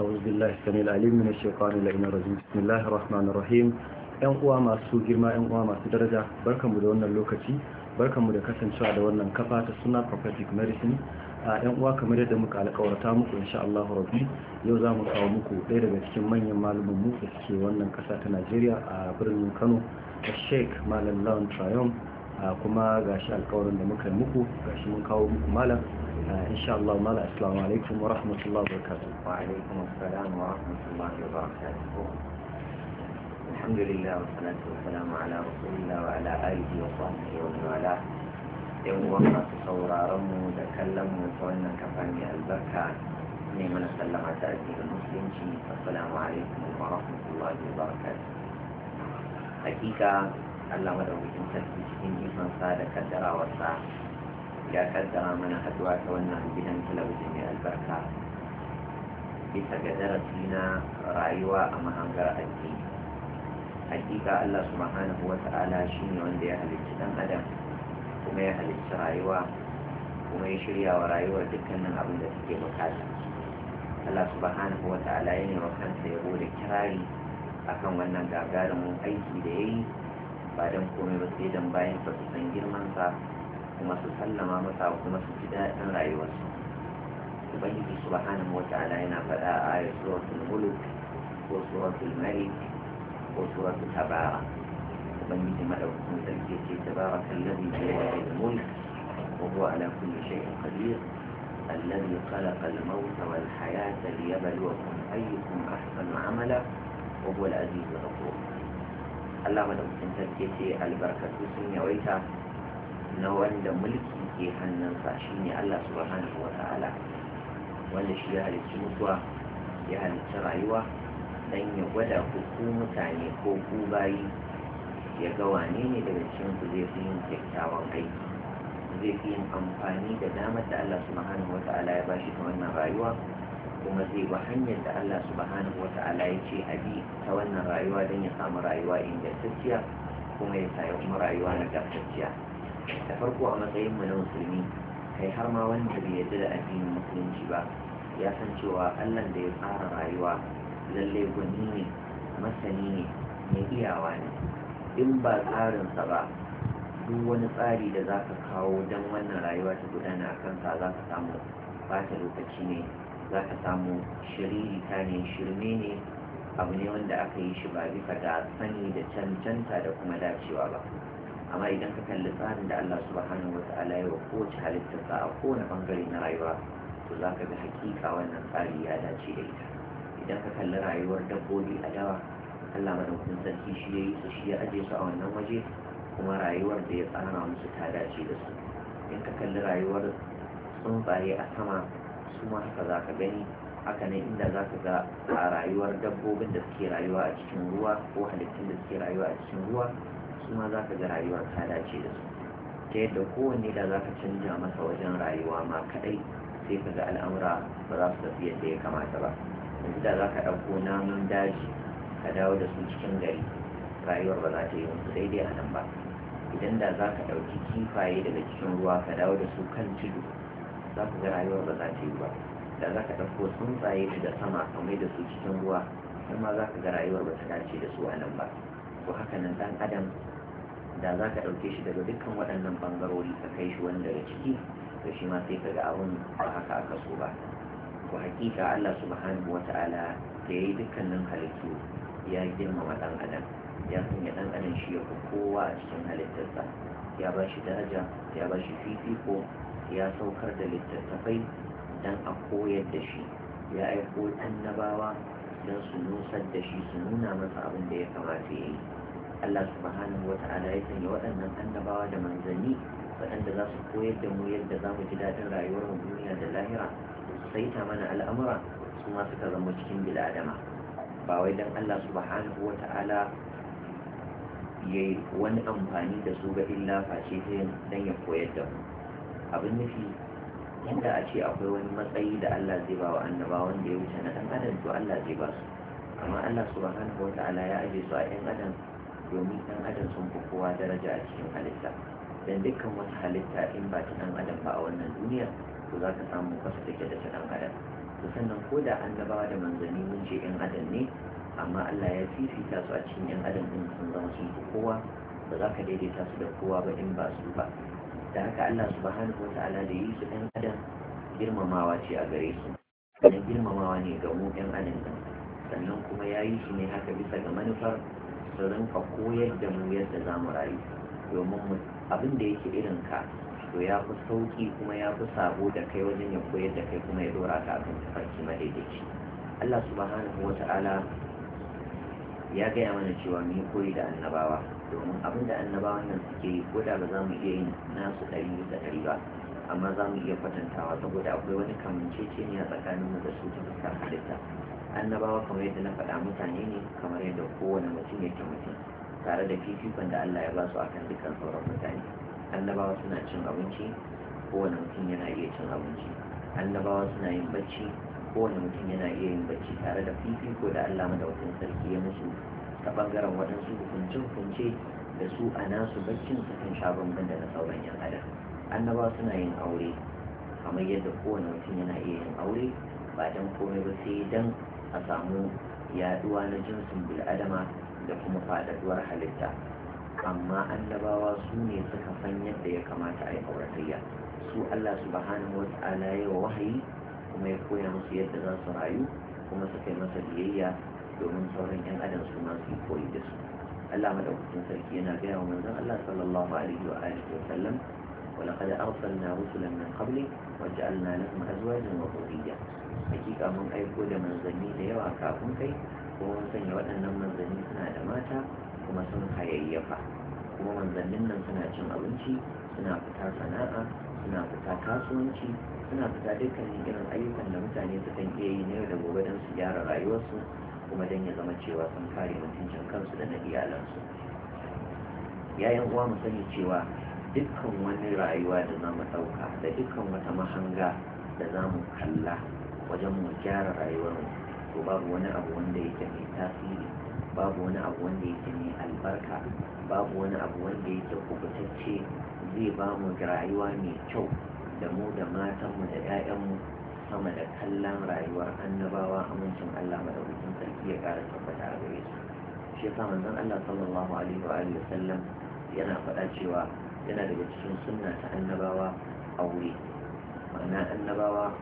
أعوذ بالله السميع العليم من الشيطان اللعين الرجيم بسم الله الرحمن الرحيم ‘yan uwa masu girma ‘yan uwa masu daraja barkanmu da wannan lokaci barkanmu da kasancewa da wannan kafa ta suna prophetic medicine a ‘yan uwa kamar yadda muka alƙawarta muku insha Allah rabbi yau za mu kawo muku ɗaya daga cikin manyan malumin mu da suke wannan ƙasa ta Najeriya a birnin Kano da Sheikh Malam Lawan Triumph, kuma gashi alƙawarin da muka yi muku gashi mun kawo muku malam insha Allah mala assalamu alaikum wa rahmatullahi wa barakatuh wa alaikum assalam wa rahmatullahi الحمد لله والصلاة والسلام على رسول الله وعلى آله وصحبه ومن والاه يوم وقت تصور رمو تكلم وتولنا كفاني البركة ne mana sallama ta addinin musulunci assalamu alaikum wa rahmatullahi wa barakatuh hakika Allah madaukakin sarki cikin ikon sa da kaddarawarsa ya kaddara mana haduwa ta wannan gidan talabijin mai albarka bisa ga darasi na rayuwa a mahangar addini hakika allah subhanahu wa ta'ala shi ne wanda ya halicci dan adam kuma ya halicci rayuwa kuma ya shirya wa rayuwar dukkanin abin da suke bukata allah subhanahu wa ta'ala ya ne wa kansa ya da kirari akan wannan gagarumin aiki da ya yi ba don komai ba sai don bayan sa su san girmansa kuma su sallama masa kuma su ji daɗin rayuwarsu ubangiji subhanahu wa ta'ala yana faɗa a ayat suratul mulk ko suratul malik ko suratul tabara ubangiji madaukakin sarki ce tabaraka alladhi bi yadihi al-mulk wa huwa ala kulli shay'in qadir الذي خلق الموت والحياة ليبلوكم أيكم أحسن عملا وهو العزيز الغفور الله مدعو سنتكي البركة سنة ويتا na wanda mulki ke hannunsa shine Allah subhanahu wa ta'ala wanda shi ya halicci mutuwa ya halicci rayuwa dan ya gwada ku ku mutane ko ku bayi ya ga wane ne daga cikin ku zai fi yin kyakkyawan aiki zai fi yin amfani da damar da Allah subhanahu wa ta'ala ya bashi ta wannan rayuwa kuma zai ba hanyar da Allah subhanahu wa ta'ala ya ce a bi ta wannan rayuwa don ya samu rayuwa ingantacciya kuma ya samu rayuwa nagartacciya da farko a matsayin mu na musulmi kai har ma wanda bai yarda da addinin musulunci ba ya san cewa allah da ya tsara rayuwa lallai gwani ne masani ne mai iyawa ne in ba tsarinsa ba duk wani tsari da za ka kawo don wannan rayuwa ta gudana a kanka za ka samu bata lokaci ne za ka samu ta ne shirme ne abu ne wanda aka yi shi ba bika da sani da cancanta da kuma dacewa ba amma idan ka kalli tsarin da Allah subhanahu wa ta'ala ya wa halitta halittarsa a kowane bangare na rayuwa to za ka ga hakika wannan tsari ya dace da ita idan ka kalli rayuwar dabbobi a dawa Allah madaukakin sarki shi ya yi su shi ya aje su a wannan waje kuma rayuwar da ya tsara musu ta dace da su idan ka kalli rayuwar tsuntsaye a sama su ma haka za ka gani haka ne inda za ka ga a rayuwar dabbobin da suke rayuwa a cikin ruwa ko halittun da suke rayuwa a cikin ruwa su ma za ka ga rayuwa ta dace da su ta yadda kowanne da za ka canja masa wajen rayuwa ma kadai sai ka ga al'amura ba za su tafi yadda ya kamata ba yanzu da za ka ɗauko namun daji ka dawo da su cikin gari rayuwar ba za ta yi musu daidai a nan ba idan da za ka ɗauki kifaye daga cikin ruwa ka dawo da su kan tudu za ka ga rayuwar ba za ta yi ba da za ka ɗauko tsuntsaye daga sama ka mai da su cikin ruwa kuma za ka ga rayuwar ba ta dace da su a nan ba to haka nan dan adam da za ka ɗauke shi daga dukkan waɗannan ɓangarori ka kai shi wanda daga ciki to shi ma sai ka ga abun ba haka aka so ba to hakika Allah subhanahu wata'ala da ya yi dukkanin halittu ya girmama ɗan adam ya sanya ɗan adam shi ya kowa a cikin halittarsa ya ba shi daraja ya ba shi fifiko ya saukar da littattafai don a koyar da shi ya aiko annabawa don su nusar da shi su nuna masa abin da ya kamata ya yi Allah subhanahu wa ta'ala ya sanya waɗannan annabawa da manzanni waɗanda za su koyar da mu yadda za mu ji daɗin rayuwar mu duniya da lahira su saita mana al'amura su ma suka zama cikin bil'adama ba wai don Allah subhanahu wa ta'ala ya yi wani amfani da su ga illa face ta dan ya koyar da mu abin nufi inda a ce akwai wani matsayi da Allah zai ba wa annaba wanda ya wuce na ɗan adam to Allah zai ba su amma Allah subhanahu wa ta'ala ya aje su a ɗan adam domin ɗan adam sun fi kowa daraja a cikin halitta dan dukkan wata halitta in ba ta ɗan adam ba a wannan duniya to za ka samu wasu take da ta ɗan adam to sannan ko da annabawa da manzanni mun ce ɗan adam ne amma Allah ya fifita su a cikin ɗan adam ɗin sun zama sun fi kowa ba za ka daidaita su da kowa ba in ba su ba da haka Allah subhanahu wata'ala da yi su ɗan adam girmamawa ce a gare su sannan girmamawa ne ga mu ɗan adam sannan kuma ya yi shi ne haka bisa ga manufar su rinka koyar da mu yadda za mu rayu domin abin da yake irin ka to ya fi sauki kuma ya fi sabo da kai wajen ya koyar da kai kuma ya dora ka akan tafarki madaidaici Allah subhanahu wa ta'ala ya gaya mana cewa mu yi koyi da annabawa domin abin da annabawan nan suke yi ko da ba za mu iya yin nasu ɗari da ɗari ba amma za mu iya kwatantawa saboda akwai wani kamanceceniya tsakaninmu da su ta fuskar halitta annabawa kamar yadda na faɗa mutane ne kamar yadda kowane mutum yake mutum tare da fifikon da Allah ya ba su akan dukkan sauran mutane annabawa suna cin abinci kowane mutum yana iya cin abinci annabawa suna yin bacci kowane mutum yana iya yin bacci tare da fifiko da Allah wajen sarki ya musu ta bangaren waɗansu hukuncin hukunce da su a nasu baccin su kan sha bambam da na sauran yan adam annabawa suna yin aure kamar yadda kowane mutum yana iya yin aure ba dan komai ba sai dan a samu yaduwa na jinsin bil'adama da kuma faɗaɗuwar halitta amma annabawa su ne suka san yadda ya kamata a yi auratayya su Allah subhanahu wa ta'ala ya wahayi kuma ya koya musu yadda za su rayu kuma su yi masa biyayya domin sauran yan adam su ma su koyi da su Allah madaukakin sarki yana gaya wa manzon Allah sallallahu alaihi wa alihi wa sallam ولقد أرسلنا رسلا من قبلك وجعلنا لهم أزواجا وذرية hakika mun aiko da manzanni da yawa kafin kai ko mun sanya waɗannan manzanni suna da mata kuma sun hayayyafa kuma manzannin nan suna cin abinci suna fita sana'a suna fita kasuwanci suna fita dukkanin irin ayyukan da mutane sukan iya yi na yau da gobe don su gyara rayuwarsu kuma don ya zama cewa sun kare mutuncin kansu da na iyalansu yayan uwa mu sani cewa dukkan wani rayuwa da za mu ɗauka da dukkan wata mahanga da za mu kalla wajen mu gyara rayuwar mu to babu wani abu wanda yake mai tasiri babu wani abu wanda yake mai albarka babu wani abu wanda yake kubutacce zai ba mu rayuwa mai kyau da mu da matanmu da 'ya'yanmu sama da kallon rayuwar annabawa amincin Allah madaukakin sarki ya ƙara tabbata a gare su shi yasa manzon Allah sallallahu alaihi wa alihi sallam yana faɗa cewa yana daga cikin sunna ta annabawa aure ma'ana annabawa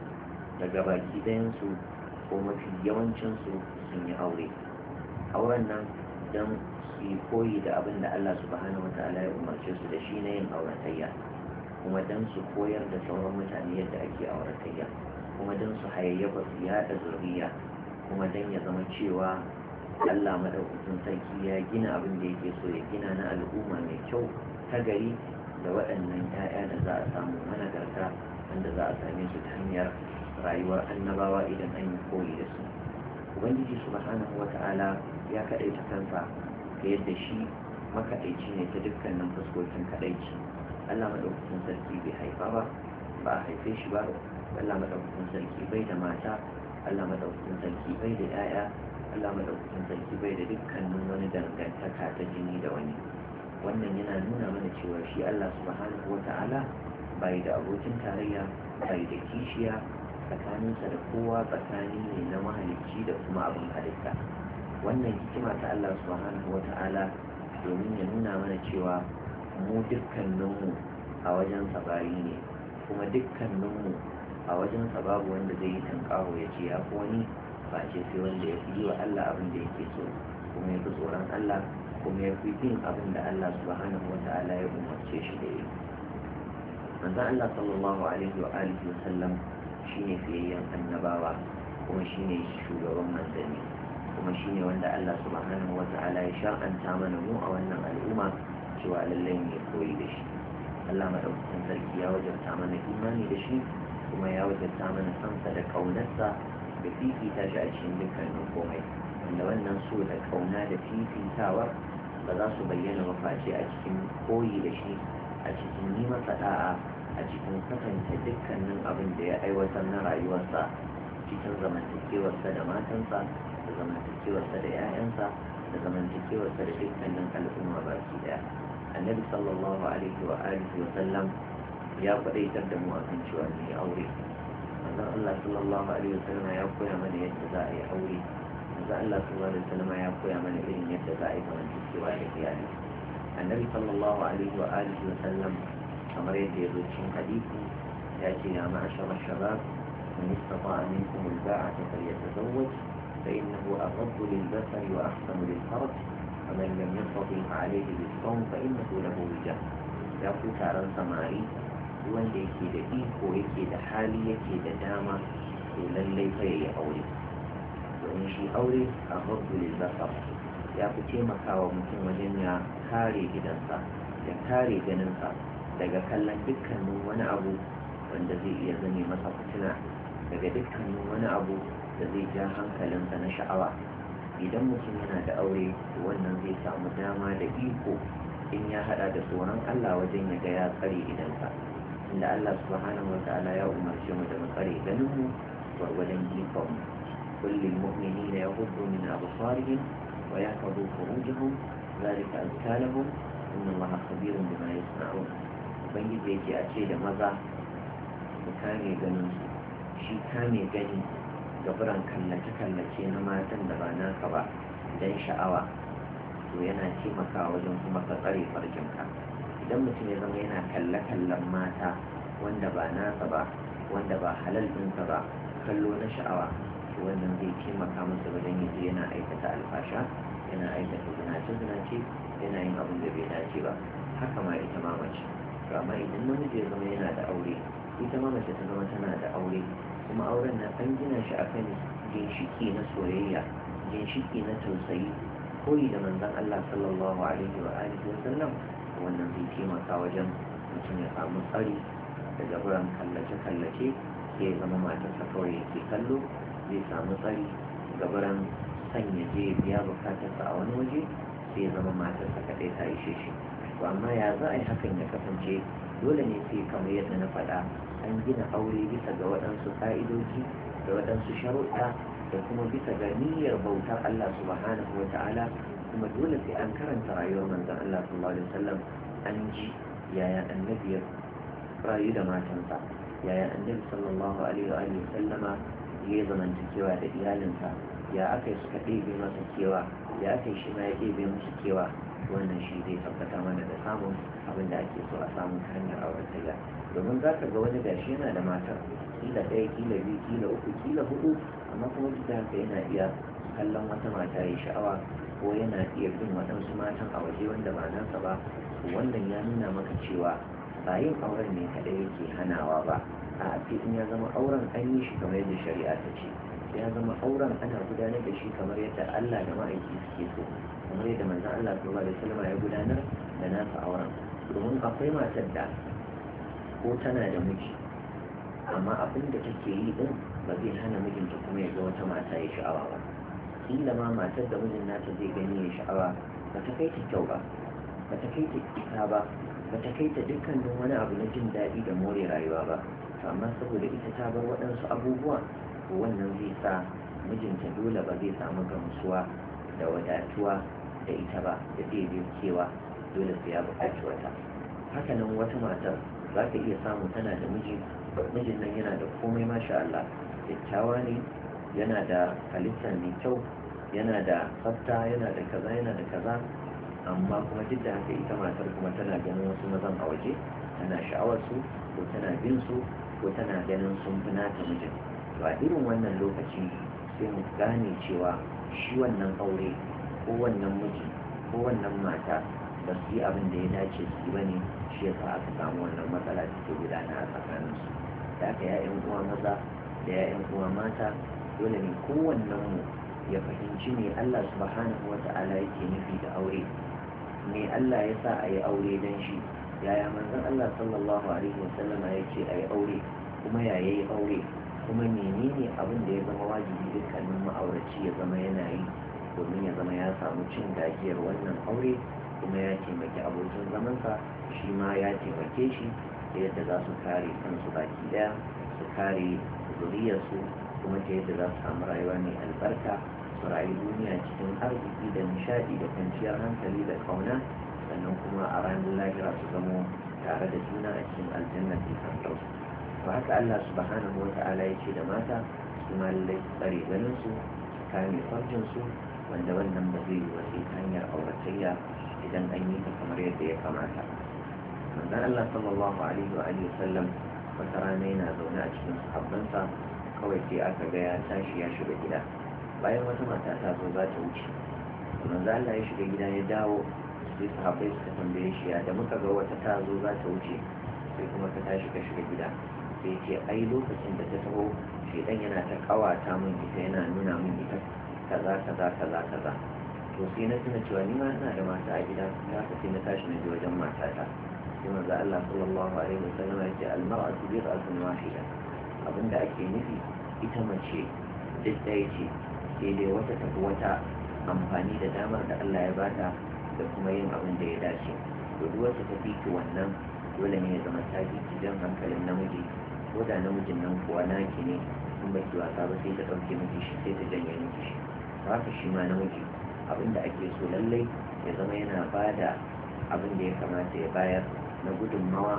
daga baki ɗayansu ko mafi yawancinsu sun yi aure auren nan don su yi koyi da abin da allah subhanahu wa ta'ala ya umarce su da shi na yin auratayya kuma don su koyar da sauran mutane yadda ake auratayya kuma don su hayayyafa su yada zuriya kuma don ya zama cewa allah maɗaukakin sarki ya gina abin da yake so ya gina na al'umma mai kyau ta gari da waɗannan 'ya'ya da za a samu managarta wanda za a same su ta hanyar rayuwar annabawa idan an yi koyi da su ubangiji subhanahu ta'ala ya kaɗaita kansa ga yadda shi makaɗaici ne ta dukkanin fuskokin kaɗaici allah maɗaukakin sarki bai haifa ba ba a haife shi ba allah maɗaukakin sarki bai da mata allah maɗaukakin sarki bai da 'ya'ya allah maɗaukakin sarki bai da dukkanin wani dangantaka ta jini da wani wannan yana nuna mana cewa shi allah subhanahu wata'ala bai da abokin tarayya bai da kishiya tsakaninsa da kowa tsakani ne na mahalicci da kuma abin halitta wannan hikima ta Allah subhanahu wa ta'ala domin ya nuna mana cewa mu dukkaninmu a wajen sabari ne kuma dukkaninmu a wajen babu wanda zai yi tankaho ya ce ya wani ba ce sai wanda ya fi yi wa Allah abin da yake so kuma ya fi tsoron Allah kuma ya fi bin abin da Allah subhanahu wa ta'ala ya umarce shi da yi manzo Allah sallallahu alaihi wa alihi wa sallam shine fiyayyen annabawa kuma ne shugaban manzanni kuma shine wanda Allah subhanahu wata'ala ya sha'anta mana mu a wannan al'umma cewa lallai ne koyi da shi Allah madaukakin sarki ya wajabta mana imani da shi kuma ya wajabta mana sansa da ƙaunarsa da fifita shi a cikin dukkanin komai wanda wannan so da ƙauna da fifitawa ba za su bayyana mafaci a cikin koyi da shi a cikin yi masa a cikin kasance dukkanin abin da ya aiwatar na rayuwarsa cikin zamantakewarsa da matansa da zamantakewarsa da 'ya'yansa da zamantakewarsa da dukkanin al'umma baki daya annabi sallallahu alaihi wa alihi wa sallam ya kwadaitar da mu a kan cewa ne ya aure manzon Allah sallallahu alaihi wa sallam ya koya mana yadda za a yi aure manzon Allah sallallahu alaihi wa sallam ya koya mana irin yadda za a yi zamantakewa da iyali annabi sallallahu alaihi wa alihi wa sallam kamar yadda ya zo cikin hadisi ya ce ya ma'ashara shabab من استطاع منكم الباعة فليتزوج فإنه أغض للبصر وأحسن للفرج ومن لم يستطع عليه بالصوم فإنه له وجه ya ku taron samari wanda yake da iko yake da hali yake da dama to lallai fa yayi aure domin shi aure a hukumar zakar ya fi taimakawa mutum wajen ya kare gidansa ya kare ganinsa daga kallon dukkanin wani abu wanda zai iya zane masa fitina daga dukkanin wani abu da zai ja hankalinsa na sha'awa idan mutum yana da aure wannan zai samu dama da iko in ya hada da tsoron Allah wajen ya ga ya tsare idansa inda Allah subhanahu wata'ala ya umarce mu da mu tsare ganin mu gwargwadon ikon kullum mu'mini na ya hudu min abusarihim wa ya kabu furujihum zalika azkalahum inna Allah khabirun bima yasna'un ubangiji yake a ce da maza su kame ganin shi kame gani gaburan kallace-kallace na matan da ba naka ba don sha'awa to yana taimakawa wajen kuma ka tsare idan mutum ya zama yana kalle-kallen mata wanda ba nasa ba wanda ba halal ba kallo na sha'awa to wannan zai taimaka masa wajen da yana aikata alfasha yana aikata zinace-zinace yana yin abin da bai dace ba haka ma ita mace. amma idan namiji ya zama yana da aure ita ma mace ta zama tana da aure kuma auren na an gina shi kan ginshiki na soyayya ginshiki na tausayi koyi da manzan Allah sallallahu alaihi wa alihi wa wannan zai taimaka wajen mutum ya samu tsari daga wurin kallace-kallace ya zama matarsa kawai yake kallo zai samu tsari ga wurin sanya je biya bukatarsa a wani waje sai ya zama matarsa kaɗai ta ishe shi to amma ya za a yi hakan ya kasance dole ne sai kamar yadda na faɗa an gina aure bisa ga waɗansu ƙa'idoji da waɗansu sharuɗa da kuma bisa ga niyyar bautar Allah subhanahu wa ta'ala kuma dole sai an karanta rayuwar manzon Allah sallallahu alaihi wasallam an ji yaya annabi ya rayu da matansa yaya annabi sallallahu alaihi wa sallama ya zamantakewa da iyalinsa ya aka yi suka ɗebe masa kewa ya aka yi shi ma ya ɗebe musu kewa wannan shi zai tabbata mana da samun abin da ake so a samun ta hanyar auren tayya domin za ka ga wani gashi yana da mata kila ɗaya kila biyu kila uku kila hudu amma kuma duk da haka yana iya kallon wata mata ya sha'awa ko yana iya bin waɗansu matan a waje wanda ba nasa ba wannan ya nuna maka cewa ba yin auren ne kaɗai yake hanawa ba a in ya zama auren an yi shi kamar yadda shari'a ta ce ya zama auren ana gudanar da shi kamar yadda Allah da ma'aiki suke so kamar yadda manzan Allah ba da salama ya gudanar da nasa auren domin akwai matar da ko tana da miji amma abin da take yi din ba zai hana mijinta kuma ya ga wata mata ya sha'awa ba kila ma matar da mijin nata zai gani ya sha'awa ba ta kai ta kyau ba ba ta kai ta isa ba ba ta kai ta dukkanin wani abu na jin daɗi da more rayuwa ba amma saboda ita ta bar waɗansu abubuwa wannan zai sa mijinta dole ba zai samu gamsuwa da wadatuwa da ita ba da zai biyu cewa dole su ya buƙaci wata hakanan wata matar za ka iya samu tana da miji mijin nan yana da komai masha Allah kyakkyawa ne yana da halittar mai kyau yana da tsafta yana da kaza yana da kaza amma kuma duk da haka ita matar kuma tana ganin wasu mazan a waje tana sha'awar su ko tana bin su ko tana ganin sun fi nata mijin to a irin wannan lokaci sai mu gane cewa shi wannan aure ko wannan miji ko wannan mata ba su yi abin da ya dace su yi ba ne shi yasa aka samu wannan matsala da ke gudana a tsakaninsu da aka ya'yan uwa maza da ya'yan uwa mata dole ne kowannen mu ya fahimci ne Allah subhanahu wa ta'ala yake nufi da aure me Allah ya sa a yi aure don shi yaya manzon Allah sallallahu alaihi wa sallama ya ce a yi aure kuma yaya yi aure kuma menene abin da ya zama wajibi dukkanin ma'auraci ya zama yana yi domin ya zama ya samu cin gajiyar wannan aure kuma ya taimaki abokin zamansa shi ma ya taimake shi ta yadda za su kare kansu baki daya su kare zuriyarsu kuma ta yadda za su samu rayuwa mai albarka su rayu duniya cikin arziki da nishadi da kwanciyar hankali da kauna sannan kuma a ranar lahira su zamo tare da juna a cikin aljanna ke kan Ba haka Allah subhanahu wa ta'ala yake da mata su ma lallai tsare ganin su kame farjin su wanda wannan ba zai yi wasu hanyar auratayya idan an yi ta kamar yadda ya kamata manzon Allah sallallahu alaihi wa alihi sallam wata rana yana zaune a cikin sahabbansa kawai sai aka ga ya tashi ya shiga gida bayan wata mata ta zo za ta wuce manzo Allah ya shiga gida ya dawo sai sahabbai suka tambaye shi ya da muka ga wata ta zo za ta wuce sai kuma ta tashi ka shiga gida sai ce ai lokacin da ta taho shedan yana ta kawata min ita yana nuna min ita kaza kaza kaza kaza to sai na tuna cewa ni ma ina da mata a gida za ka sai na tashi na je wajen matata sai manzo Allah sallallahu alaihi wasallam ya ce al-mar'atu bir'atun wahida abinda ake nufi ita mace duk ɗaya ce sai dai wata tafi wata amfani da damar da Allah ya bata da kuma yin abin da ya dace to duk wata tafi ki wannan dole ne ya zama ta ki jan hankalin namiji ko da namijin nan kuwa naki ne in baki wasa ba sai ta ɗauke miki shi sai ta janye miki shi haka shi ma namiji abinda ake so lallai ya zama yana ba da abin da ya kamata ya bayar na gudunmawa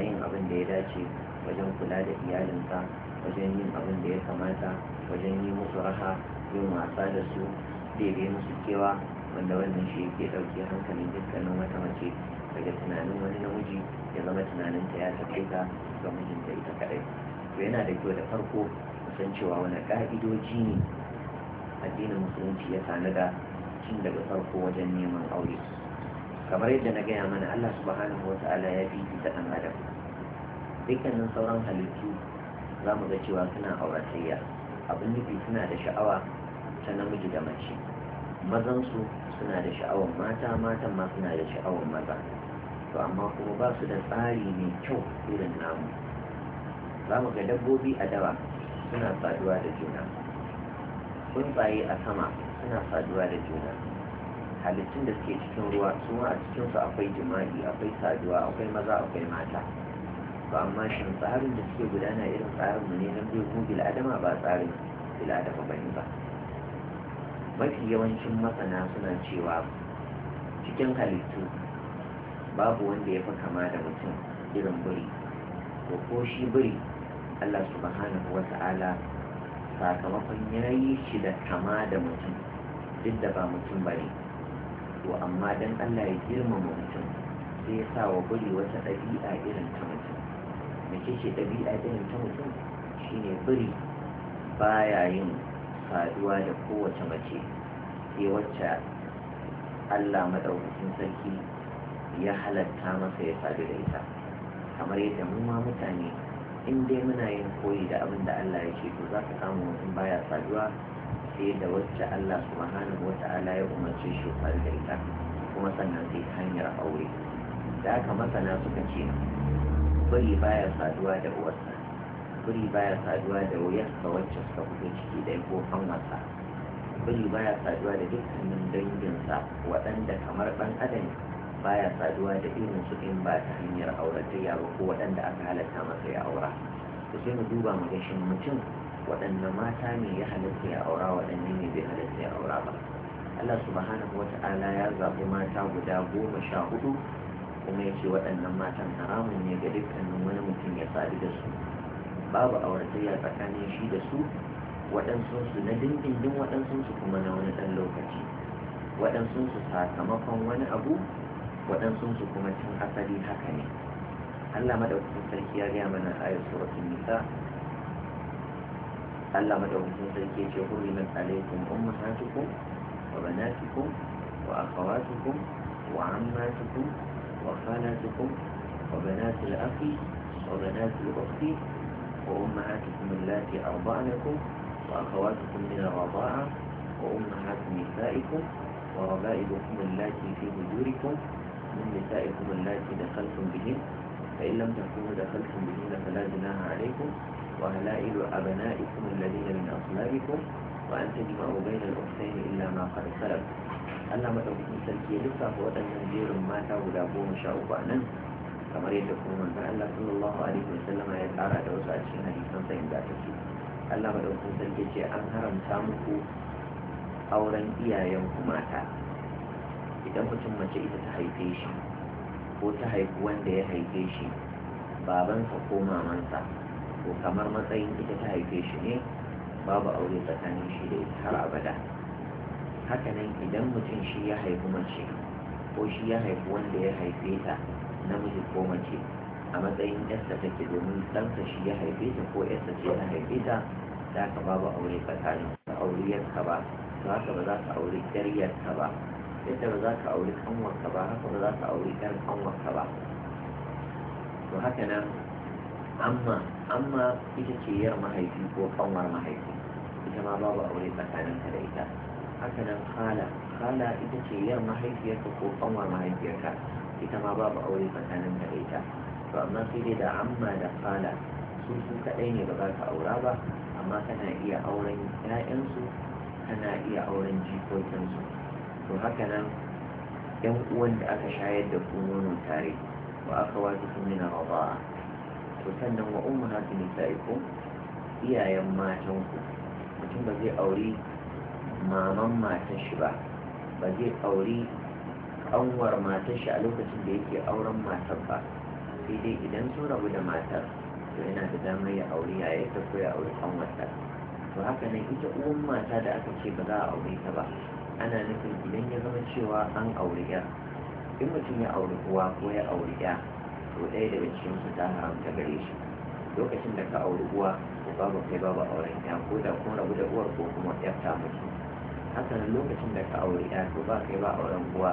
na yin abin da ya dace wajen kula da iyalinsa wajen yin abin da ya kamata wajen yi musu raha yin wasa da su daidai musu kewa wanda wannan shi yake ɗauke hankalin dukkanin wata mace daga tunanin wani namiji ya zama tunaninta ya taƙai ka ga mijinta ita kaɗai to yana da kyau da farko san cewa wani ka'idoji ne addinin musulunci ya da tun daga farko wajen neman aure kamar yadda na gaya mana allah subhanahu wa ta'ala ya fi da ɗan adam dukkanin sauran halittu za mu ga cewa suna auratayya abin nufi suna da sha'awa ta namiji da mace mazansu suna da sha'awar mata matan ma suna da sha'awar maza su amma kuma ba su da tsari mai kyau irin namu za mu ga dabbobi a dawa suna faduwa da juna tsuntsaye a sama suna faduwa da juna halittun da suke cikin ruwa su a cikinsu akwai jima'i akwai saduwa akwai maza akwai mata ba amma shin tsarin da suke gudana irin tsarinmu ne na dogon bil'adama ba tsarin bil'adama ba ne ba mafi yawancin masana suna cewa cikin halittu babu wanda ya fi kama da mutum irin biri to ko shi biri Allah subhanahu wa ta'ala sakamakon ya shi da kama da mutum duk da ba mutum ba ne to amma dan Allah ya girmama mutum sai ya sa wa biri wata ɗabi'a irin ta mutum mace ce ɗabi'a irin ta mutum shine biri baya yin faduwa da kowace mace sai wacce Allah madaukakin sarki ya halatta masa ya sadu da ita kamar yadda mu ma mutane in dai muna yin koyi da abin da Allah ya ce to za ka samu in baya saduwa sai da wacce Allah subhanahu wata'ala ya umarce shi sadu da ita kuma sannan sai ta hanyar aure da aka masana suka ce bari baya saduwa da uwarsa kuri baya saduwa da wuyarsa wacce suka fito ciki da ko kanwarsa kuri baya saduwa da dukkanin danginsa waɗanda kamar ɗan adam baya saduwa da irin su in ba ta hanyar auratayya ba ko waɗanda aka halatta masa ya aura to sai mu duba mu ga shin mutum waɗanda mata ne ya halatta ya aura waɗanne ne bai halatta ya aura ba Allah subhanahu wata'ala ya zaɓi mata guda goma sha hudu kuma ya ce waɗannan matan haramun ne ga dukkanin wani mutum ya sadu da su babu auratayya tsakanin shi da su su na dindindin su kuma na wani ɗan lokaci su sakamakon wani abu waɗansu su kuma cin asali haka ne Allah madaukakin sarki ya gaya mana a ayar suratul nisa Allah madaukakin sarki ya ce hurrimat alaikum ummahatukum wa banatukum wa akhawatukum wa ammatukum wa khalatukum wa banatul akhi wa banatul ukhti وأمهاتكم اللاتي أرضعنكم وأخواتكم من nisa'iku, وأمهات نسائكم وربائبكم lati في هجوركم من نسائكم اللاتي دخلتم بهن فإن لم تكونوا دخلتم بهن فلا جناح عليكم وهلائل أبنائكم الذين من أصلابكم وأن تجمعوا بين الأختين إلا ما قد سلف Allah maɗaukakin sarki ya lissafa waɗannan jerin mata guda goma sha a nan kamar yadda kuma manzon Allah sallallahu alaihi wa sallama ya tsara da wasu a cikin hadisan sa inda take Allah maɗaukakin sarki ce an haramta muku auren iyayenku mata idan mutum mace ita ta haife shi ko ta haifi wanda ya haife shi babansa ko mamansa ko kamar matsayin ita ta haife shi ne babu aure tsakanin shi da ita har abada hakanan idan mutum shi ya haifi mace ko shi ya haifi wanda ya haife ta namiji ko mace a matsayin yarsa take domin ɗansa shi ya haife ta ko yarsa ce ta haife ta za ka babu aure tsakanin aure yarka ba za ka ba za ka aure ƙyaryarka ba yadda ba za ka auri kanwarka ba haka ba za ka auri ɗan kanwarka ba to haka nan amma amma ita ce yar mahaifi ko kanwar mahaifi ita ma babu aure tsakanin ka da ita haka nan kala kala ita ce yar mahaifiyarka ko kanwar mahaifiyarka ita ma babu aure tsakanin ka da ita to amma sai dai da amma da kala su su kaɗai ne ba za ka aura ba amma kana iya auren 'ya'yansu kana iya auren jikokinsu to haka nan yan uwan da aka shayar da ku nono tare wa aka wasu su mina raba'a to sannan wa ummu hatu nisa'ikum iyayen matan ku mutum ba zai auri maman matan shi ba ba zai auri kanwar matan shi a lokacin da yake auren matan ba sai dai idan sun rabu da matar to yana da damar ya auri ta ko ya auri kanwarta to haka nan ita uwan mata da aka ce ba za a aure ta ba ana nufin idan ya zama cewa an aure ya in mutum ya aure uwa ko ya aure ya to ɗaya daga cikin su ta haramta gare shi lokacin da ka aure uwa ko babu kai babu auren ya ko da kun rabu da uwar ko kuma ya ta mutu hakan lokacin da ka aure ya ko ba kai ba auren uwa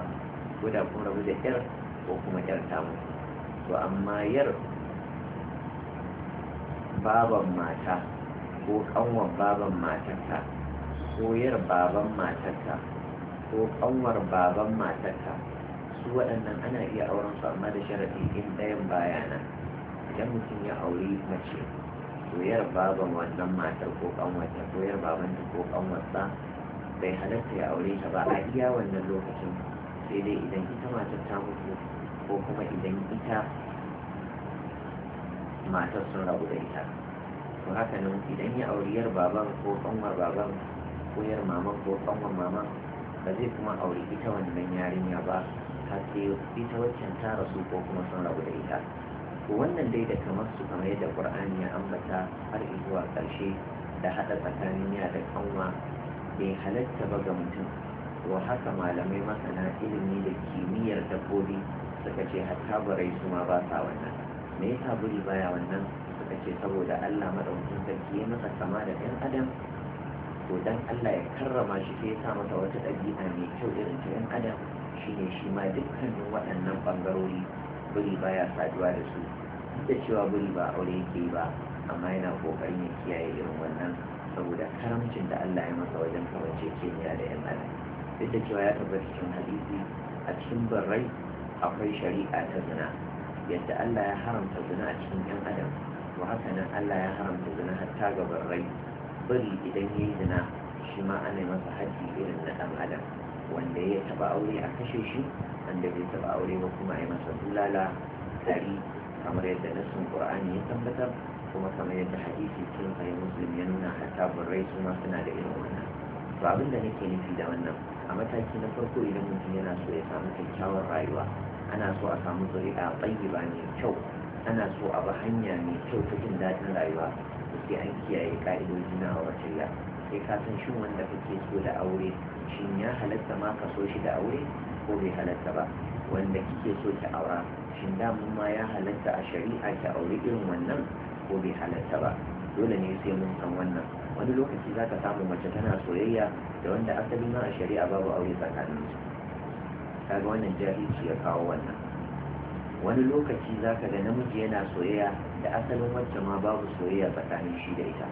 ko da kun rabu da yar ko kuma yar ta mutu to amma yar baban mata ko kanwan baban matarka ko yar baban matarka ko kanwar baban matarka su waɗannan ana iya auren su amma da sharaɗi in ɗayan bayana idan mutum ya auri mace soyar baban wannan matar ko kanwarta baban ta ko kanwarsa bai halarta ya aure ta ba a iya wannan lokacin sai dai idan ita matar ta mutu ko kuma idan ita matar sun rabu da ita to haka nan idan ya auriyar baban ko kanwar baban ko yar maman ko kanwar maman ba zai kuma aure ita wannan yarinya ba har sai ita waccan ta rasu ko kuma sun rabu da ita to wannan dai da kamar su kamar yadda qur'ani ya ambata har zuwa ƙarshe da haɗa tsakanin ya da kanwa bai halatta ba ga mutum to haka malamai masana ilimi da kimiyyar dabbobi suka ce hatta barai su ma ba sa wannan me yasa buri baya wannan suka ce saboda Allah madaukakin sarki ya masa kama da ɗan adam to dan Allah ya karrama shi sai ya sa masa wata ɗabi'a mai kyau irin ta yan adam shine shi ma dukkanin waɗannan ɓangarori buri baya saduwa da su da cewa buri ba aure yake ba amma yana ƙoƙarin ya kiyaye irin wannan saboda karamcin da Allah ya masa wajen kawance kimiyya da yan adam duk da cewa ya tabbata cikin hadisi a cikin barrai akwai shari'a ta zina yadda Allah ya haramta zina a cikin yan adam to haka nan Allah ya haramta zina hatta ga barrai bari idan ya yi zina shi ma ana yi masa haddi irin na ɗan adam wanda ya taɓa aure a kashe shi wanda bai taɓa aure ba kuma ya masa bulala ɗari kamar yadda nassin ƙur'ani ya tabbatar kuma kamar yadda hadisi cikin sahih ya nuna hatta burrai su ma suna da irin wannan to abin da nake nufi da wannan a mataki na farko idan mutum yana so ya samu kyakkyawar rayuwa ana so a samu zuri'a tsayi ba mai kyau ana so a bi hanya mai kyau ta jin daɗin rayuwa sai an kiyaye ka'idoji na aure sai ka san shin wanda kake so da aure shin ya halatta ma ka so shi da aure ko bai halatta ba wanda kike so ki aura shin damun ma ya halatta a shari'a ki aure irin wannan ko bai halatta ba dole ne sai mun san wannan wani lokaci za ka samu mace tana soyayya da wanda asali ma a shari'a babu aure tsakanin su kaga wannan jahilci ya kawo wannan wani lokaci za ka ga namiji yana soyayya da asalin wacce ma babu soyayya tsakanin shi da ita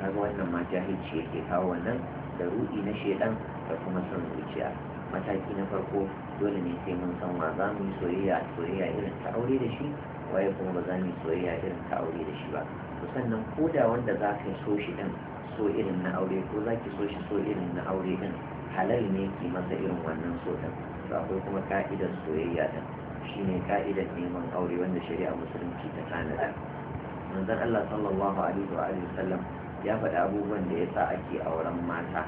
kaga wannan ma jahilci yake kawo wannan da ruɗi na shedan da kuma son zuciya mataki na farko dole ne sai mun san wa za mu yi soyayya soyayya irin ta aure da shi waye kuma ba za mu yi soyayya irin ta aure da shi ba to sannan ko da wanda za ka so shi din so irin na aure ko za ki so shi so irin na aure din halal ne ki masa irin wannan so din to akwai kuma ka'idar soyayya din shine ka'idar neman aure wanda shari'a musulunci ta tanada manzon Allah sallallahu alaihi wa alihi sallam ya faɗi abubuwan da ya sa ake auren mata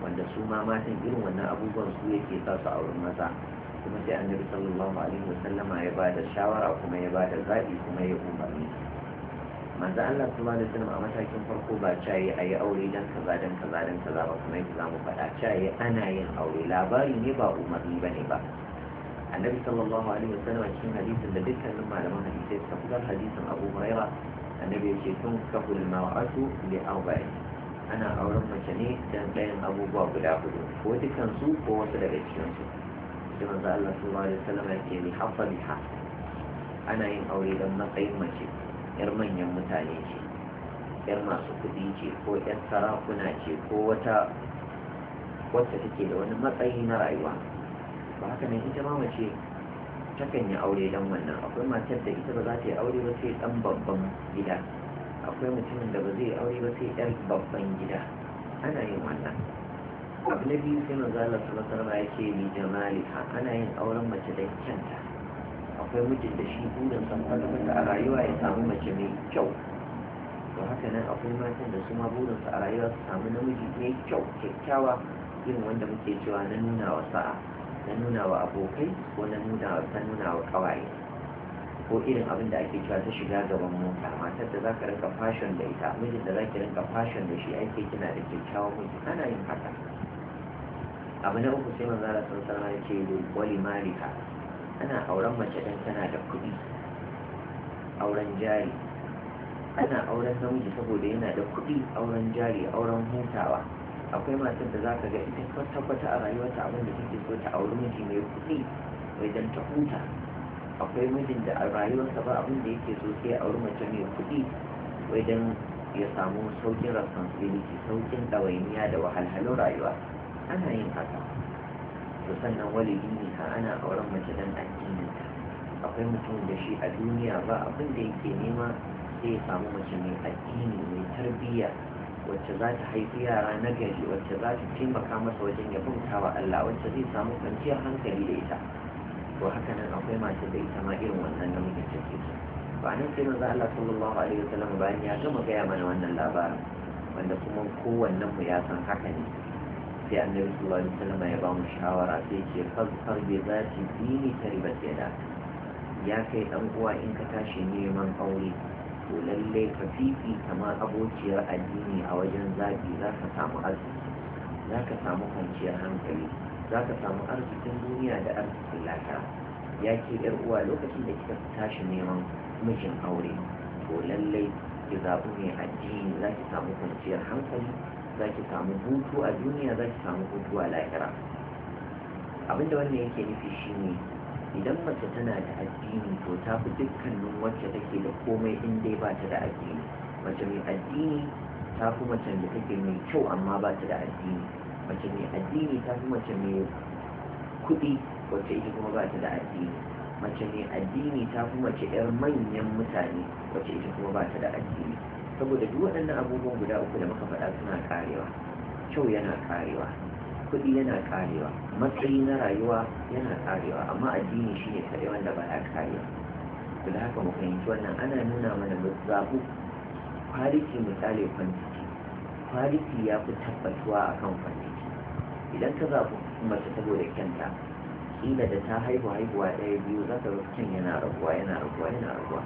wanda su ma matan irin wannan abubuwan su yake sa su auren maza kuma sai annabi sallallahu alaihi wa sallama ya ba da shawara kuma ya ba da zaɓi kuma ya umarni manzon Allah sallallahu alaihi wa sallam a matakin farko ba caye a yi aure dan kaza dan kaza dan kaza ba kuma yadda za mu faɗa caye ana yin aure labari ne ba umarni ba ne ba annabi sallallahu alaihi wasallam cikin hadisin da dukkanin malaman hadisai suka fitar hadisin abu huraira annabi ya ce tun kaful mar'atu li arba'in ana auren mace ne dan ɗayan abubuwa guda hudu ko dukansu ko wasu daga cikinsu sai manzo Allah sallallahu alaihi wasallam ya ce li hafa li ana yin aure dan matsayin mace yar manyan mutane ce yar masu kuɗi ce ko yar sarakuna ce ko wata wacce take da wani matsayi na rayuwa ba haka ne ita ma mace takan yi aure don wannan akwai matar da ita ba za ta yi aure ba sai dan babban gida akwai mutumin da ba zai yi aure ba sai dan babban gida ana yin wannan abu na biyu sai manzo Allah sallallahu alaihi ya ce ni jamaliha ana yin auren mace dan kyanta akwai mijin da shi burin san kwata a rayuwa ya samu mace mai kyau to haka nan akwai matan da su ma burinsa a rayuwa su samu namiji mai kyau kyakkyawa irin wanda muke cewa na nuna wa sa'a na nuna wa abokai ko na nuna ta nuna wa kawaye ko irin abin da ake cewa ta shiga gaban mota matar da za ka rinka fashon da ita mijin da za ki rinka fashon da shi ake kina da kyakkyawan miji ana yin haka abu na uku sai manzara sun sana ya ce wali malika ana auren mace dan tana da kuɗi auren jari ana auren namiji saboda yana da kuɗi auren jari auren hutawa akwai matar da za ka ga ita ta tabbata a rayuwarta abin da take so ta auri miji mai kuɗi mai dan ta huta akwai mijin da a rayuwarsa ba abin da yake so sai auri mace mai kuɗi wai dan ya samu saukin responsibility saukin ɗawainiya da wahalhalun rayuwa ana yin haka to sannan walidi ne ka ana auren mace dan addinin akwai mutum da shi a duniya ba abin da yake nema sai ya samu mace mai addini mai tarbiyya wacce za ta haifi yara na gari wacce za ta taimaka masa wajen ya bauta wa Allah wacce zai samu kwanciyar hankali da ita to haka nan akwai mace da ita ma irin wannan namijin take su ba nan sai manzo Allah sallallahu alaihi wasallam bayan ya gama gaya mana wannan labarin wanda kuma kowannen mu ya san haka ne sai annabi sallallahu alaihi wasallam ya ba mu shawara sai ce fasfar bi zati dini taribat yada ya kai dan uwa in ka tashi neman aure to lallai ka fifi kamar abokiyar addini a wajen zaɓi za ka samu arziki za ka samu kwanciyar hankali za ka samu arzikin duniya da arzikin lata ya ke yar uwa lokacin da kika tashi neman mijin aure to lallai ki zaɓi mai addini za ki samu kwanciyar hankali za ki samu hutu a duniya za ki samu hutu a lahira abinda wannan yake nufi shine idan mace tana da addini to ta fi dukkanin wacce take da komai in dai ba ta da addini mace mai addini ta fi mace da take mai kyau amma ba ta da addini mace mai addini ta fi mace mai kuɗi wacce ita kuma ba ta da addini mace mai addini ta fi mace 'yar manyan mutane wacce ita kuma ba ta da addini saboda duk waɗannan abubuwan guda uku da muka faɗa suna karewa kyau yana karewa kuɗi yana karewa matsayi na rayuwa yana karewa amma addini shi ne kaɗai wanda ba ya karewa to da haka mu fahimci wannan ana nuna mana mu zaɓu kwaliti misali kwantiki kwaliti ya fi tabbatuwa a kan kwantiki idan ka zaɓu mace saboda kyanta kila da ta haihu haihuwa ɗaya biyu za ka kyan yana raguwa yana raguwa yana raguwa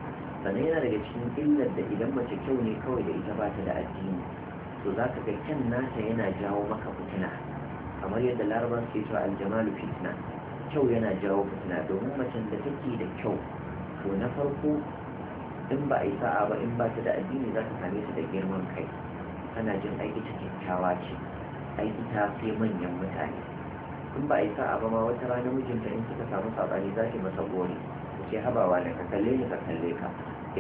sannan yana daga cikin illar da idan mace kyau ne kawai da ita ba ta da addini to za ka ga kyan nata yana jawo maka fitina kamar yadda larabar ke cewa aljamalu fitna kyau yana jawo fitna domin macen da take da kyau to na farko in ba a yi sa'a ba in ba ta da addini za ta same ta da girman kai tana jin aiki ta kyakkyawa ce aiki ta sai manyan mutane in ba a yi sa'a ba ma wata rana mijinta in kika samu saɓani za ki masa gori ke habawa da ka kalle ni ka kalle ka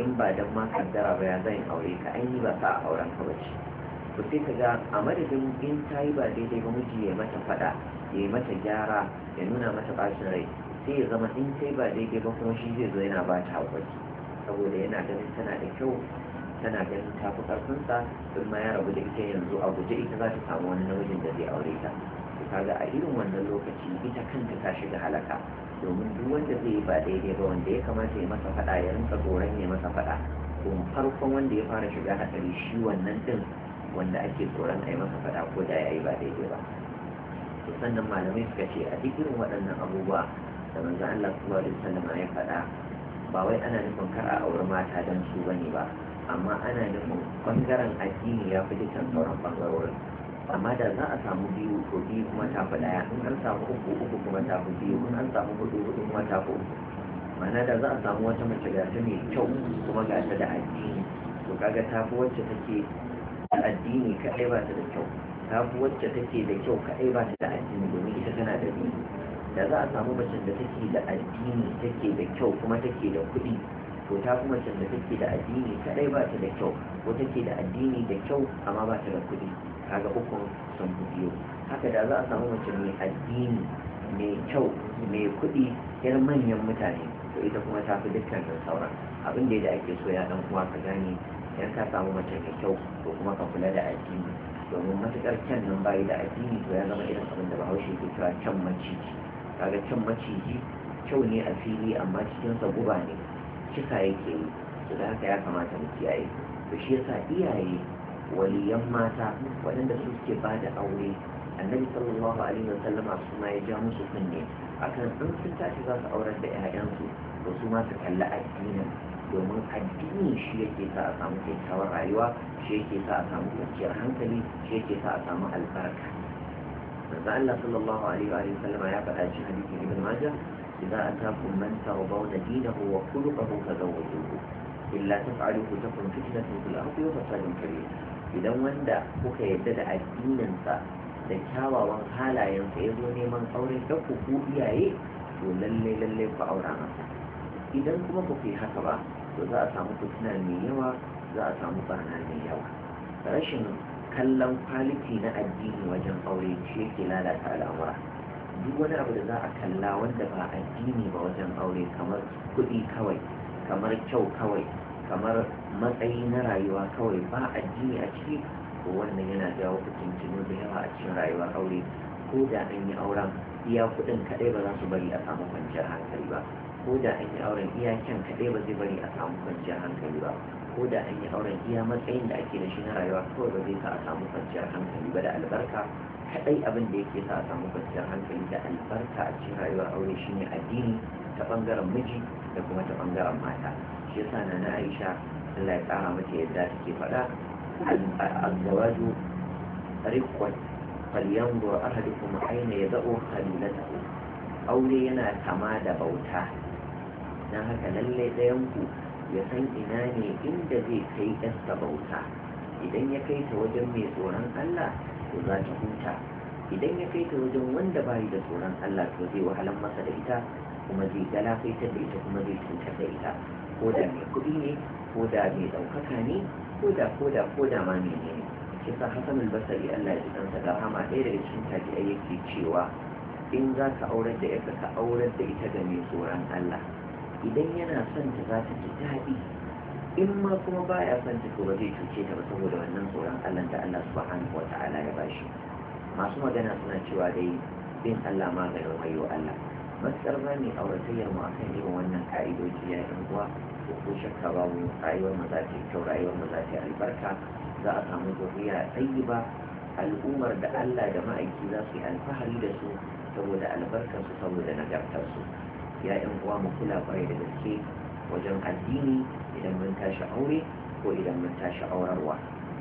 in ba dan ma kaddara ba ya zan aure ka ainihi ba sa auren ka ba ce. to sai ka ga a madadin in ta yi ba daidai ba miji ya mata faɗa ya yi mata gyara ya nuna mata bacin rai sai ya zama in ta yi ba daidai ba kuma shi zai zo yana ba ta haƙuri saboda yana ganin tana da kyau tana ganin ta fi ƙarfinsa in ma ya rabu da ita yanzu a guje ita za ta samu wani namijin da zai aure ta kaga a irin wannan lokaci ita kanta ta shiga halaka domin duk wanda zai yi ba daidai ba wanda ya kamata ya masa faɗa ya rinka tsoron ya masa faɗa kuma farkon wanda ya fara shiga hatsari shi wannan din wanda ake tsoron a yi masa fada ko da ya yi ba daidai ba to sannan malamai suka ce a duk irin waɗannan abubuwa da manzo Allah sallallahu alaihi wasallam ya faɗa ba wai ana nufin kar a auri mata dan su bane ba amma ana nufin bangaren addini ya fi dukkan sauran bangarorin amma da za a samu biyu ko biyu kuma ta fi ɗaya in an samu uku uku kuma ta fi biyu in an samu hudu hudu kuma ta fi uku mana da za a samu wata mace ga ta mai kyau kuma ga ta da addini to kaga ta fi wacce take ta addini kaɗai ba ta da kyau ta fi wacce take da kyau kaɗai ba ta da addini domin ita tana da biyu da za a samu macen da take da addini take da kyau kuma take da kuɗi to ta fi macen da take da addini kaɗai ba ta da kyau ko take da addini da kyau amma ba ta da kuɗi kaga ukun sun haka da za a samu mace mai addini mai kyau mai kuɗi yar manyan mutane to ita kuma ta fi dukkan sauran abin da ake so ya ɗan uwa ka gane idan ka samu mace mai kyau ko kuma ka kula da addini domin matukar kyan nan bayi da addini to ya zama irin abin da bahaushe ke kira can maciji kaga can maciji kyau ne a fili amma cikin sa guba ne cika yake yi to da haka ya kamata mu kiyaye to shi yasa iyaye waliyan mata waɗanda su suke ba da aure annabi sallallahu alaihi wasallama su ma ya ja musu kunne akan in sun tashi za su aurar da 'ya'yansu to su ma su kalli addinin domin addini shi yake sa a samu kyakkyawar rayuwa shi yake sa a samu kwanciyar hankali shi yake sa a samu albarka manzo Allah sallallahu alaihi wa sallam ya faɗa cikin hadisin Ibn Majah idza atakum man tarbawna dinahu wa khuluquhu fazawwijuhu illa taf'aluhu takun fitnatun fil ardi wa fasadun kabir idan wanda kuka yadda da addinin da kyawawan halayensa ya zo neman aure da ku iyaye to lalle lalle ku aura masa idan kuma ba ku yi haka ba to za a samu fitina mai yawa za a samu barna mai yawa rashin kallon kwaliti na addini wajen aure shi yake lalata al'amura duk wani abu da za a kalla wanda ba addini ba wajen aure kamar kuɗi kawai kamar kyau kawai kamar matsayi na rayuwa kawai ba addini a ciki ko wannan yana jawo fitintinu da yawa a cikin rayuwar aure ko da an yi auren iya kuɗin kaɗai ba za su bari a samu kwanciyar hankali ba ko da an yi auren iya kyan kaɗai ba zai bari a samu kwanciyar hankali ba ko da an yi auren iya matsayin da ake da shi na rayuwa kawai ba zai sa a samu kwanciyar hankali ba da albarka kaɗai abin da yake sa a samu kwanciyar hankali da albarka a cikin rayuwar aure shine addini ta ɓangaren miji da kuma ta ɓangaren mata shi yasa na na aisha Allah ya tsara mata yadda take faɗa al-zawaju rikwan falyanzur ahadukum ayna yad'u khalilatahu aure yana kama da bauta don haka lallai ɗayan ku ya san ina ne inda zai kai ɗansa bauta idan ya kai ta wajen mai tsoron Allah to za ta huta idan ya kai ta wajen wanda ba da tsoron Allah to zai wahalan masa da ita kuma zai galafaitar da ita kuma zai cutar da ita ko da mai kuɗi ne ko da mai ɗaukaka ne ko da ko da ko da ma ne kisa hasan albasari Allah ya sa ga Hama, ɗaya daga cikin tafiya yake cewa in za ka aurar da ita ka aurar da ita ga mai tsoron Allah idan yana son ta za ta ji daɗi in ma kuma baya son ta ba zai cuce ta ba saboda wannan tsoron Allah da Allah subhanahu wa ta'ala ya bashi masu magana suna cewa dai bin Allah maganin wayo Allah matsar ba ne auratayyar mu akan irin wannan ka'idoji ya yan uwa ko shakka babu rayuwar mu za ta yi kyau rayuwar mu za ta yi albarka za a samu zuriya ba al'ummar da Allah da ma'aiki za su yi alfahari da su saboda albarkarsu saboda nagartarsu ya yan uwa mu kula kwarai da gaske wajen addini idan mun tashi aure ko idan mun tashi aurarwa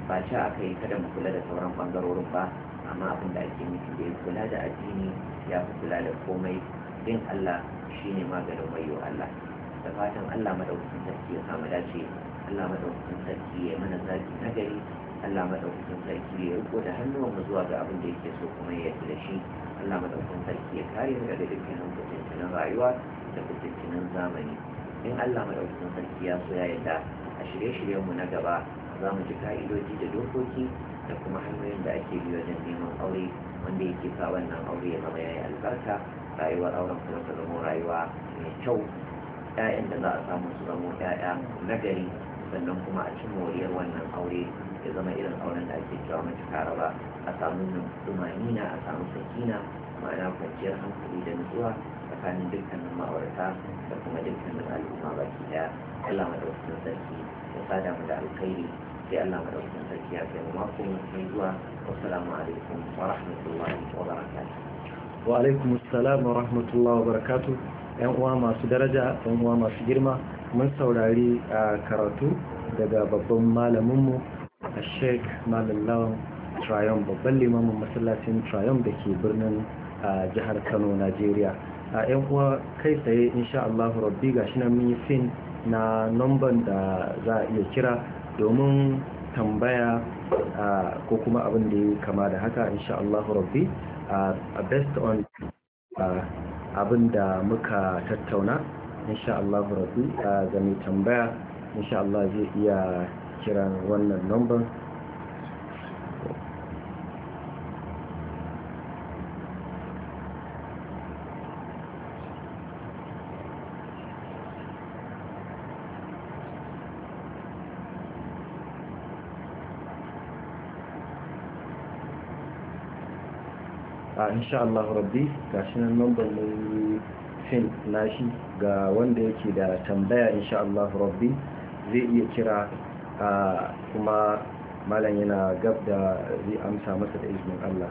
ba ta aka yi kada mu kula da sauran ɓangarorin ba amma abin da ake nufi da kula da addini ya fi kula da komai bin Allah shine maganin wayo Allah da fatan Allah madaukakin sarki ya samu dace Allah madaukakin sarki ya mana zaki nagari, Allah madaukakin sarki ya riko da mu zuwa ga abin da yake so kuma ya yarda da shi Allah madaukakin sarki ya kare mu daga dukkan fitintinin rayuwa da fitintinin zamani in allah maɗaukakin sarki ya so ya yarda a shirye-shiryenmu na gaba za mu ji ka'idoji da dokoki da kuma hanyoyin da ake bi wajen neman aure wanda yake sa wannan aure ya zama yayi albarka rayuwar auren kuma ta zama rayuwa mai kyau ƴaƴan da za a samu su zama ƴaƴa nagari sannan kuma a cin moriyar wannan aure ya zama irin auren da ake cewa mace karaba a samu dumanina a samu sakina ma'ana kwanciyar hankali da nutsuwa tsakanin dukkanin ma'aurata da kuma dukkanin al'umma baki daya Allah madaukakin sarki ya sada mu da alkhairi sai Allah madaukakin sarki ya kai mu mako mai zuwa wassalamu alaikum wa rahmatullahi wa barakatuh wa alaikum assalam wa rahmatullahi wa barakatuh yan uwa masu daraja yan uwa masu girma mun saurari karatu daga babban malaminmu a sheik Malallawan Triumph. babban limamin masallacin triumph da ke birnin jihar kano najeriya a yan uwa kai tsaye insha Allah rabbi gashi na mun yi fin na nomban da za a iya kira domin tambaya ko kuma abin da ya kama da haka insha Allah rabbi a best on abin da muka tattauna insha Allah rabbi ga mai tambaya insha Allah zai iya kiran wannan numban In insha Allah rabbi shi nan number fin na nashi ga wanda yake da tambaya insha Allah rabbi zai iya kira kuma malam yana gab da zai amsa masa da izinin Allah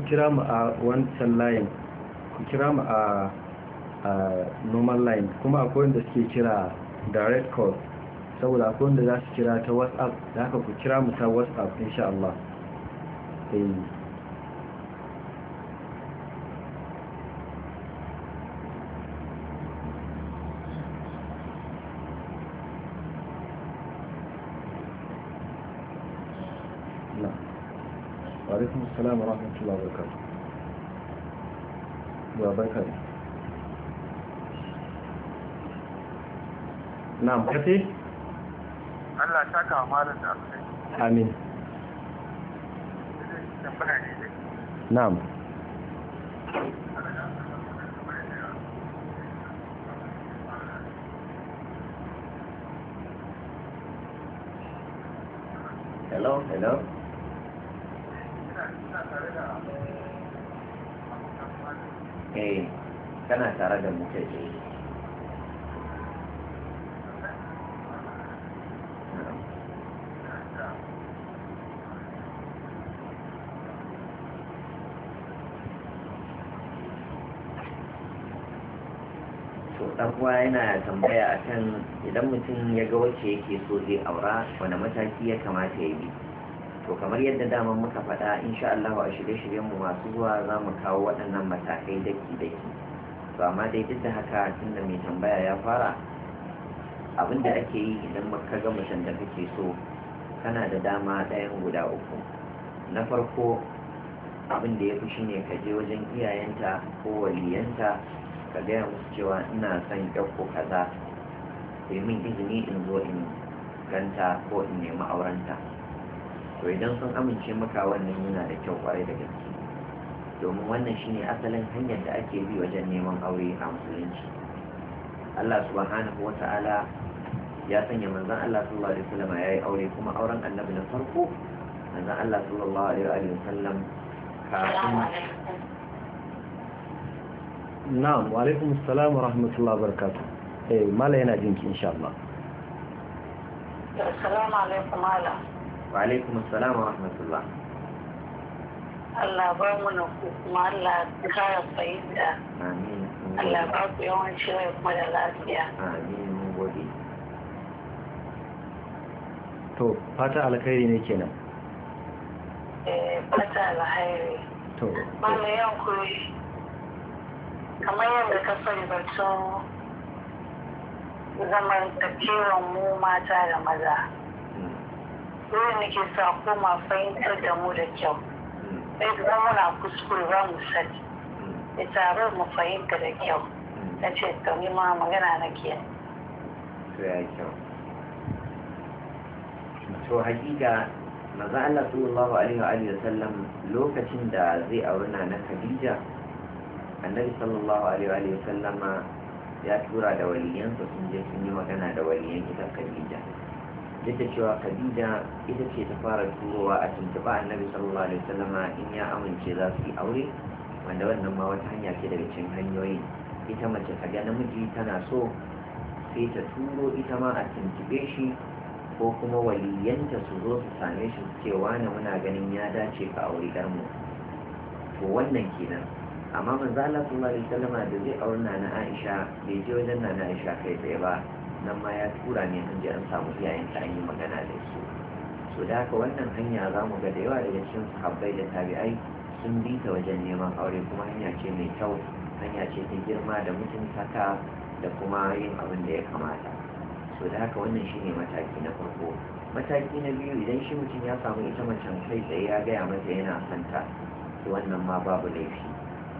ku kira mu a wancan layin ku kira mu a normal line kuma akwai wanda suke kira direct call saboda akwai wanda za su kira ta whatsapp da haka ku kira mu ta whatsapp insha Allah eh. السلام ورحمة الله وبركاته وبركاته نعم كثير ألا شاكا مالك أخي آمين نعم Hello, hello. eh kana tare da mutum eh kuwa yana tambaya akan idan mutum ya ga wacce yake so zai aura wani mataki ya kamata ya bi to kamar yadda daman muka faɗa sha Allah a shirye-shiryen mu masu zuwa za mu kawo waɗannan matakai daki daki to amma dai duk da haka da mai tambaya ya fara abin da ake yi idan ka ga mutum da kake so kana da dama ɗayan guda uku na farko abin da ya fi shine ka je wajen iyayenta ko waliyanta ka gaya musu cewa ina son ƙyakko kaza ku yi min izini in zo in ganta ko in nemi aurenta to idan sun amince maka wannan yana da kyau kwarai da gaske domin wannan shine asalin hanyar da ake bi wajen neman aure a musulunci Allah subhanahu wa ta'ala ya sanya manzon Allah sallallahu alaihi wasallam yayi aure kuma auren annabi na farko manzon Allah sallallahu alaihi wasallam kafin na'am wa alaikum assalam wa rahmatullahi wa barakatuh eh mala yana jinki insha Allah assalamu alaikum mala wa السلام ورحمة wa الله Allah ba mu na ku Allah kara fahimta Allah ba ku yawanci rai kuma da lafiya to fata alkhairi ne kenan eh, fata alkhairi to kamar yadda ka sani batun zaman tafiyar mu mata da maza dole da ke sa koma fahimtar da mu da kyau sai kuma muna kuskure ba mu sani da tare mu fahimta da kyau na ce to ni ma magana na ke to hakika maza Allah sallallahu alaihi wa sallam lokacin da zai aurina na Khadija annabi sallallahu alaihi wa sallama ya tura da waliyansa sun je sun yi magana da waliyan gidan Khadija duk cewa khadija ita ce ta fara turowa a tuntuɓa annabi sallallahu alaihi wasallam in ya amince za su yi aure wanda wannan ma wata hanya ce daga cikin hanyoyin ita mace ta ga namiji tana so sai ta turo ita ma a tuntuɓe shi ko kuma waliyanta su zo su same shi su ce wani muna ganin ya dace ka aure garmu mu to wannan kenan amma manzo Allah sallallahu alaihi wasallam da zai aure na Aisha bai je wajen na Aisha kai tsaye ba nan ma ya tura ne an je an samu iyayen ta an yi magana da su so da haka wannan hanya za mu ga da yawa daga cikin sahabbai da tabi'ai sun bi ta wajen neman aure kuma hanya ce mai kyau hanya ce ta girma da ka da kuma yin abin da ya kamata so da haka wannan shine mataki na farko mataki na biyu idan shi mutum ya samu ita macen kai tsaye ya gaya mata yana santa to wannan ma babu laifi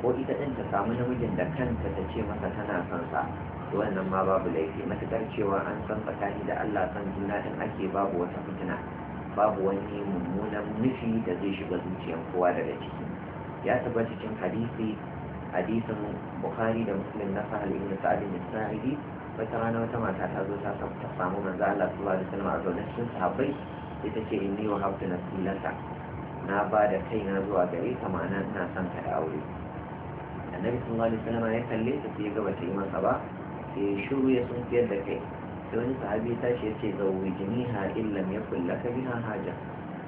ko ita ɗin ta samu namijin da kanta ta ce masa tana son sa wannan ma babu laifi matakar cewa an san tsakani da Allah san juna din ake babu wata fitina babu wani mummunan nufi da zai shiga zuciyar kowa daga ciki ya tabbata cikin hadisi hadisin bukhari da muslim na sahal ibn sa'ad bin wata rana wata mata ta zo ta samu manzo Allah sallallahu alaihi wasallam a zaune cikin sahabbai ita ce inni wa habtu nasilata na ba da kaina zuwa gare mana ma'ana ina son ta da aure annabi sallallahu alaihi wasallam ya kalle ta sai ya ga bata yi masa ba sai eh, shiru ya sun da kai sai wani sahabi ta ya ce zawwijini ha illam yakul laka biha haja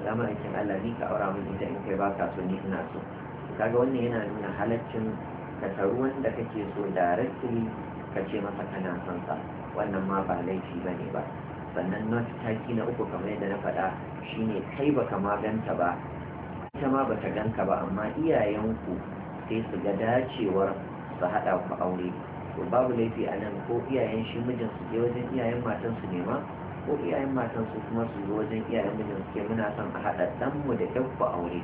lamar kin Allah ni ka aura min ita in kai ba so ni ina so kaga wannan yana nuna halaccin ka taru wanda kake so directly ka ce masa kana son sa wannan ma ba laifi ba ne ba sannan na taki na uku kamar yadda na faɗa shine kai baka ma ganta ba ita ma bata ganka ba amma iyayenku sai su ga dacewar su haɗa ku aure to babu laifi a nan ko iyayen shi mijin su je wajen iyayen matan su nema ko iyayen matan su kuma su zo wajen iyayen mijin su ke muna son a haɗa dan mu da ɗan ku aure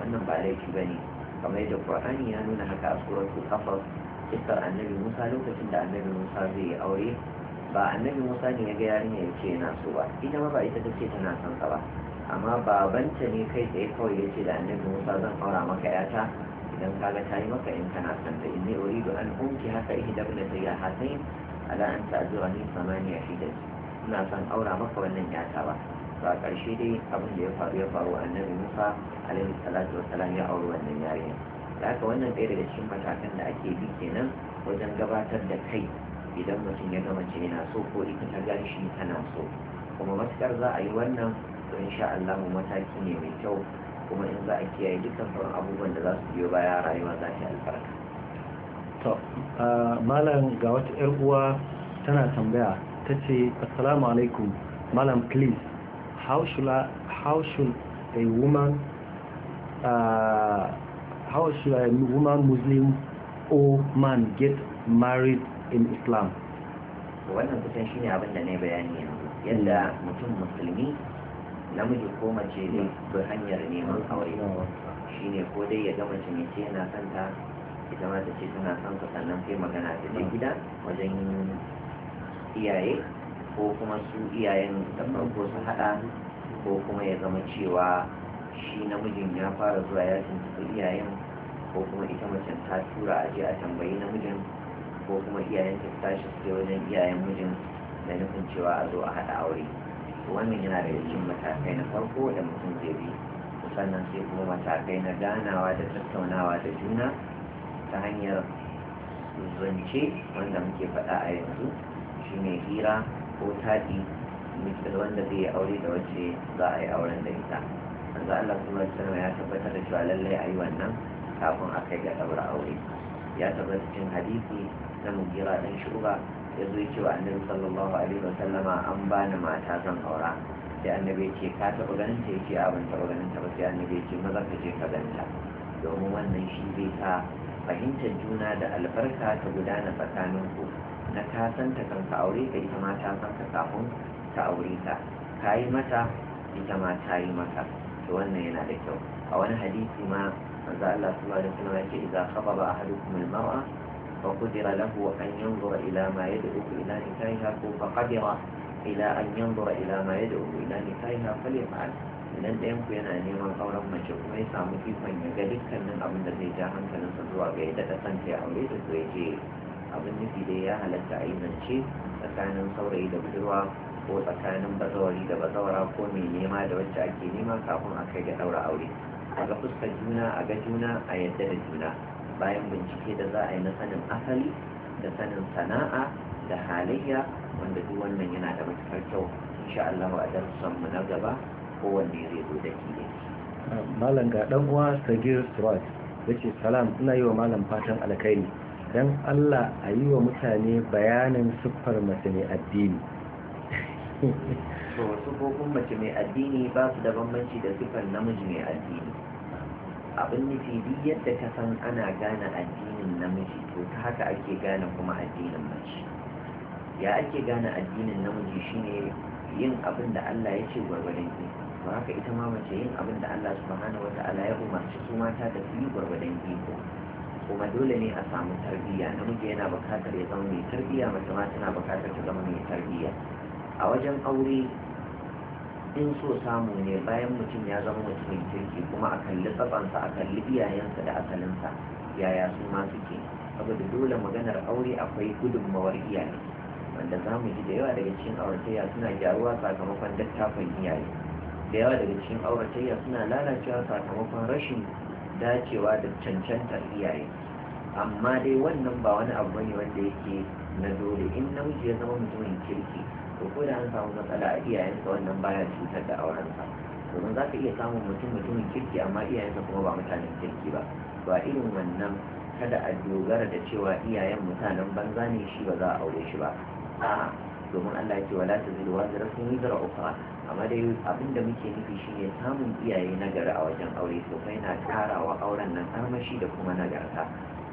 wannan ba laifi ba ne kamar yadda qur'ani ya nuna haka a suratul qasas kisar annabi musa lokacin da annabi musa zai yi aure ba annabi musa ne ya ga yarinya ya ce yana so ba ita ma ba ita take tana son ka ba amma babanta ne kai tsaye kawai ya ce da annabi musa zan aura maka yata dan kaga ta yi maka in kana son ta inni uridu an unki haka ihda bin sayyahatain ala an ta'zura ni samaniya hijaj ina son aura maka wannan yata ba to a ƙarshe dai abin da ya faru ya faru annabi Musa alaihi salatu wassalam ya auri wannan yarinya da haka wannan ɗaya daga cikin matakan da ake bi kenan wajen gabatar da kai idan mutum ya gama ce yana so ko ita ta gan shi tana so kuma matuƙar za a yi wannan to insha Allah mataki ne mai kyau kuma in za a kiyaye dukkan sauran abubuwan da za su biyo baya rayuwa za ta albarka to malam ga wata yar uwa tana tambaya ta ce assalamu alaikum malam please how should, I, how should a woman uh, how should a woman muslim or man get married in islam wannan kusan shine abin da ne bayani yanzu yadda mutum musulmi namiji ko mace ne to hanyar neman aure shine ko dai ya gama mace mai ce yana son ta ita ma ta ce tana son ka sannan sai magana ta je gida wajen iyaye ko kuma su iyayen da farko su hada ko kuma ya zama cewa shi namijin ya fara zuwa ya tuntuɓi iyayen ko kuma ita mace ta tura a je a tambayi namijin ko kuma iyayen ta tashi su wajen iyayen mijin da nufin cewa a zo a hada aure wannan yana da cikin matakai na farko da mutum zai bi sannan sai kuma matakai na ganawa da tattaunawa da juna ta hanyar zance wanda muke faɗa a yanzu shi ne hira ko taɗi mutum wanda zai yi aure da wacce za a yi auren da ita wanda Allah kuma sanar ya tabbatar da cewa lallai a yi wannan kafin a kai ga ɗaura aure ya tabbatar cikin hadisi na mugira dan shuba ya zo ce wa annabi sallallahu alaihi wasallama an bani mata zan aura sai annabi ce ka taɓa ganin ta yake abin taɓa ganin ta ba sai annabi ce maza ka je ka ganta domin wannan shi zai sa fahimtar juna da albarka ta gudana tsakanin ku na ka san ta kanka aure ka ita mata san ka kafin ka aure ta ka yi mata ita ma yi mata to wannan yana da kyau a wani hadisi ma manzo Allah sallallahu alaihi wasallam yake idza khababa ahadukum al-mar'a فقدر له أن ينظر إلى ما يدعو إلى نكاحها فقدر إلى أن ينظر إلى ما يدعو إلى نكاحها فليفعل idan ɗayan ku yana neman auren mace kuma ya samu ikon ya ga dukkanin abin da zai ja hankalinsa zuwa ga yadda ta kanta ya aure da ya je abin nufi dai ya halatta a yi zance tsakanin saurayi da budurwa ko tsakanin bazawari da bazawara ko mai nema da wacce ake nema kafin a kai ga ɗaura aure a ga fuskar juna a ga juna a yadda da juna bayan bincike da za a yi na sanin asali da sanin sana'a da halayya wanda duk wannan yana da matuƙar kyau insha Allah a darussan mu na gaba ko wanda ya zo da ne. malam ga dan uwa Sagir Surat yace salam ina yi wa malam fatan alkhairi dan Allah a yi wa mutane bayanin siffar mace mai addini to sufofin mace mai addini ba su da bambanci da siffar namiji mai addini abin nufi duk yadda ka san ana gane addinin namiji to ta haka ake gane kuma addinin mace ya ake gane addinin namiji shine yin abin da Allah ya ce gwargwadon ki to haka ita ma mace yin abin da Allah subhanahu wata'ala ya umarci su mata da su yi gwargwadon iko kuma dole ne a samu tarbiyya namiji yana bukatar ya zama mai tarbiyya mace ma tana bukatar ta zama mai tarbiyya a wajen aure in so samu ne bayan mutum ya zama mutumin kirki kuma a kalli tsabansa a kalli iyayensa da asalinsa yaya su ma suke saboda dole maganar aure akwai gudunmawar iyaye wanda za mu ji da yawa daga cikin auratayya suna gyaruwa sakamakon dattafan iyaye da yawa daga cikin auratayya suna lalacewa sakamakon rashin dacewa da cancantar iyaye amma dai wannan ba wani abu ne wanda yake na dole in namiji ya zama mutumin kirki to ko da an samu matsala a iyayensa wannan baya cutar da aurensa domin za ka iya samun mutum mutumin kirki amma iyayensa kuma ba mutanen kirki ba to a irin wannan kada a dogara da cewa iyayen mutanen banza ne shi ba za a aure shi ba a'a domin Allah ya ce wala tazidu waziratun wizra ukhra amma dai abin da muke nufi shine samun iyaye nagari a wajen aure to kai na karawa auren nan armashi da kuma nagarta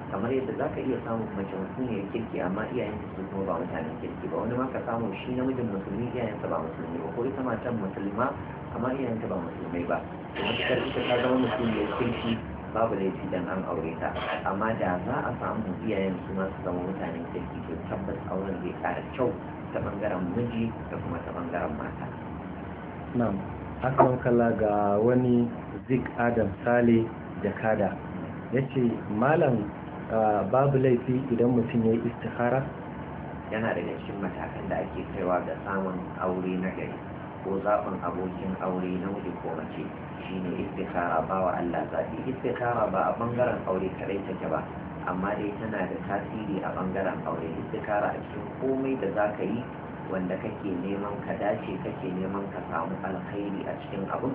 kamar yadda za ka iya samun mace mutum ya kirki amma iyayen su kuma ba mutanen kirki ba wani ma ka samu shi namijin musulmi iyayen ba musulmi ba ko ita matan musulma amma iyayenta ba musulmai ba matuƙar ita ta zama mutum ya kirki babu laifi dan an aure ta amma da za a samu iyayen su ma su zama mutanen kirki to tabbas auren zai kara kyau ta bangaren miji da kuma ta bangaren mata. nam akan kala ga wani Zik Adam Sale da ya ce malam Ah, babu laifi idan mutum ya yi istihara yana daga cikin matakan da ake kaiwa ga samun aure na gari ko zaɓin abokin aure na wuri ko mace shine istihara ba wa Allah zaɓi istihara ba a ɓangaren aure kadai take ba amma dai tana da tasiri a ɓangaren aure istihara a cikin komai da za ka yi wanda kake neman ka dace kake neman ka samu alkhairi a cikin abun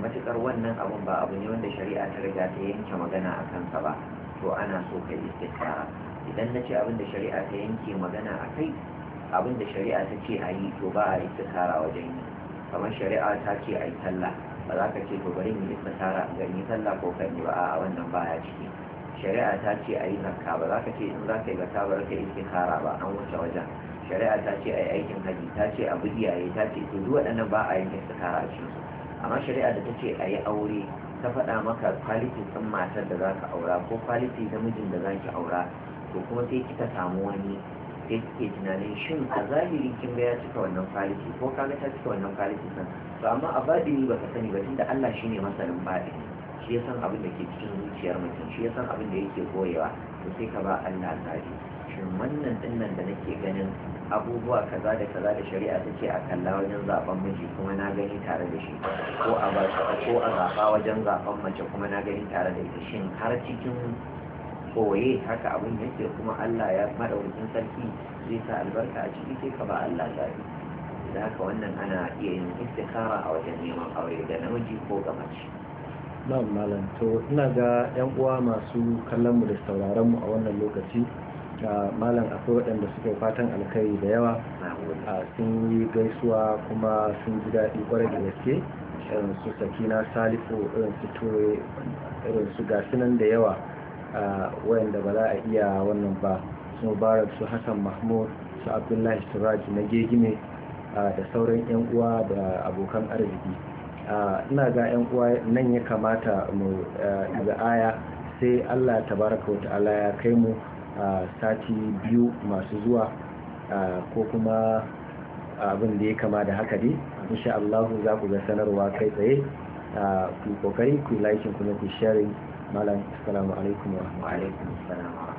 matukar wannan abun ba abu ne wanda shari'a ta riga ta yanke magana a kansa ba to ana so ka yi istikhara idan na ce abinda shari'a ta yanke magana a kai abinda shari'a ta ce a yi to ba a istikhara wajen yi kamar shari'a ta ce a yi sallah ba za ka ce to bari mu istikhara gani sallah ko kan ba a wannan baya ciki shari'a ta ce a yi zakka ba za ka ce in za ka yi zakka ba za ka yi istikhara ba an wuce wajen shari'a ta ce a yi aikin haji ta ce a bi iyaye ta ce to duk waɗannan ba a yin istikhara a cikinsu amma shari'a da ta ce a yi aure ta faɗa maka kwaliti ɗin matar da za ka aura ko kwaliti namijin da za ki aura to kuma sai kika samu wani sai kike tunanin shin a zahiri kin ga ya cika wannan kwaliti ko kaga ta cika wannan kwaliti san to amma a baɗini ba ka sani ba tunda Allah shine masanin baɗini shi ya san abin da ke cikin zuciyar mutum shi ya san abin da yake koyewa to sai ka ba Allah zaɓi shin wannan ɗin nan da nake ganin abubuwa kaza da kaza da shari'a ta ce a kalla wajen zaben miji kuma na gani tare da shi ko a ba ko a wajen zaben mace kuma na gani tare da ita shin har cikin koye haka abin yake kuma Allah ya madaukakin sarki zai sa albarka a ciki sai ka ba Allah zaɓi da haka wannan ana iya yin istikara a wajen neman aure da namiji ko ga mace na'am malam to ina ga yan uwa masu kallon mu da sauraron mu a wannan lokaci malam akwai waɗanda suke fatan alkhairi da yawa sun yi gaisuwa kuma sun ji daɗi kwarai da yake irin su sakina salifu irin su ture irin gasunan da yawa wayanda ba za a iya wannan ba su mubarak su hassan mahmud su abdullahi suraj na gegime da sauran yan uwa da abokan arziki ina ga yan uwa nan ya kamata mu ga aya sai allah tabaraka wata ala ya kai mu sati biyu masu zuwa ko kuma abin da ya kama da haka dai insha Allah za ku ga sanarwa kai tsaye ku kokari ku like kuma ku sharing malam assalamu alaikum wa rahmatullahi wa barakatuh